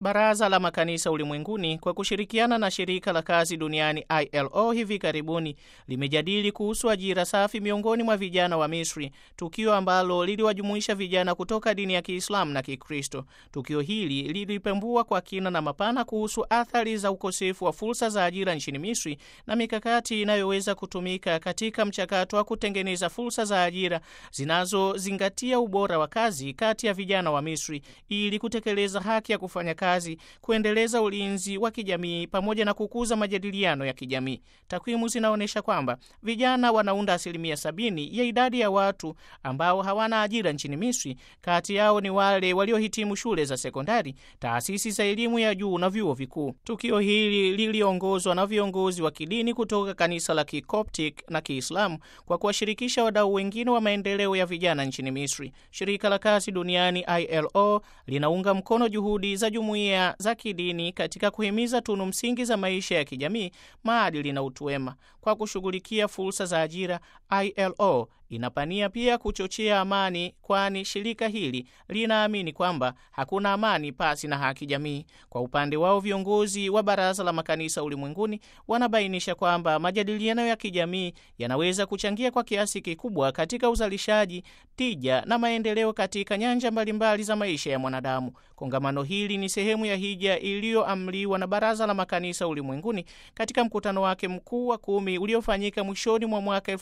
Baraza la Makanisa Ulimwenguni kwa kushirikiana na shirika la kazi duniani ILO hivi karibuni limejadili kuhusu ajira safi miongoni mwa vijana wa Misri, tukio ambalo liliwajumuisha vijana kutoka dini ya Kiislamu na Kikristo. Tukio hili lilipembua kwa kina na mapana kuhusu athari za ukosefu wa fursa za ajira nchini Misri na mikakati inayoweza kutumika katika mchakato wa kutengeneza fursa za ajira zinazozingatia ubora wa kazi kati ya vijana wa Misri ili kutekeleza haki ya kufanya kazi wafanyakazi, kuendeleza ulinzi wa kijamii pamoja na kukuza majadiliano ya kijamii. Takwimu zinaonyesha kwamba vijana wanaunda asilimia sabini ya idadi ya watu ambao hawana ajira nchini Misri. Kati yao ni wale waliohitimu shule za sekondari, taasisi za elimu ya juu na vyuo vikuu. Tukio hili liliongozwa na viongozi wa kidini kutoka kanisa la Kikoptic na Kiislamu kwa kuwashirikisha wadau wengine wa maendeleo ya vijana nchini Misri. Shirika la Kazi Duniani ILO linaunga mkono juhudi za jumuiya jumuiya za kidini katika kuhimiza tunu msingi za maisha ya kijamii, maadili na utuwema. Kwa kushughulikia fursa za ajira, ILO inapania pia kuchochea amani, kwani shirika hili linaamini kwamba hakuna amani pasi na haki jamii. Kwa upande wao, viongozi wa Baraza la Makanisa Ulimwenguni wanabainisha kwamba majadiliano ya kijamii yanaweza kuchangia kwa kiasi kikubwa katika uzalishaji, tija na maendeleo katika nyanja mbalimbali za maisha ya mwanadamu. Kongamano hili ni sehemu ya hija iliyoamriwa na Baraza la Makanisa Ulimwenguni katika mkutano wake mkuu wa kumi uliofanyika mwishoni mwa mwaka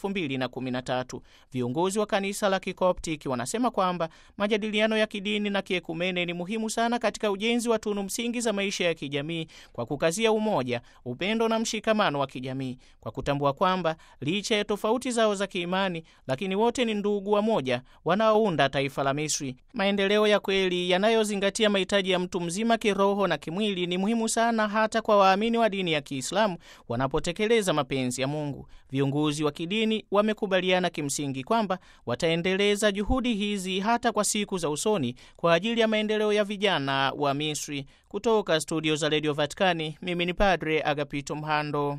tatu. Viongozi wa kanisa la Kikoptik wanasema kwamba majadiliano ya kidini na kiekumene ni muhimu sana katika ujenzi wa tunu msingi za maisha ya kijamii kwa kukazia umoja, upendo na mshikamano wa kijamii, kwa kutambua kwamba licha ya tofauti zao za kiimani, lakini wote ni ndugu wamoja wanaounda taifa la Misri. Maendeleo ya kweli yanayozingatia mahitaji ya mtu mzima uzima kiroho na kimwili ni muhimu sana hata kwa waamini wa dini ya Kiislamu wanapotekeleza mapenzi ya Mungu. Viongozi wa kidini wamekubaliana kimsingi kwamba wataendeleza juhudi hizi hata kwa siku za usoni kwa ajili ya maendeleo ya vijana wa Misri. Kutoka studio za Radio Vatikani, mimi ni Padre Agapito Mhando.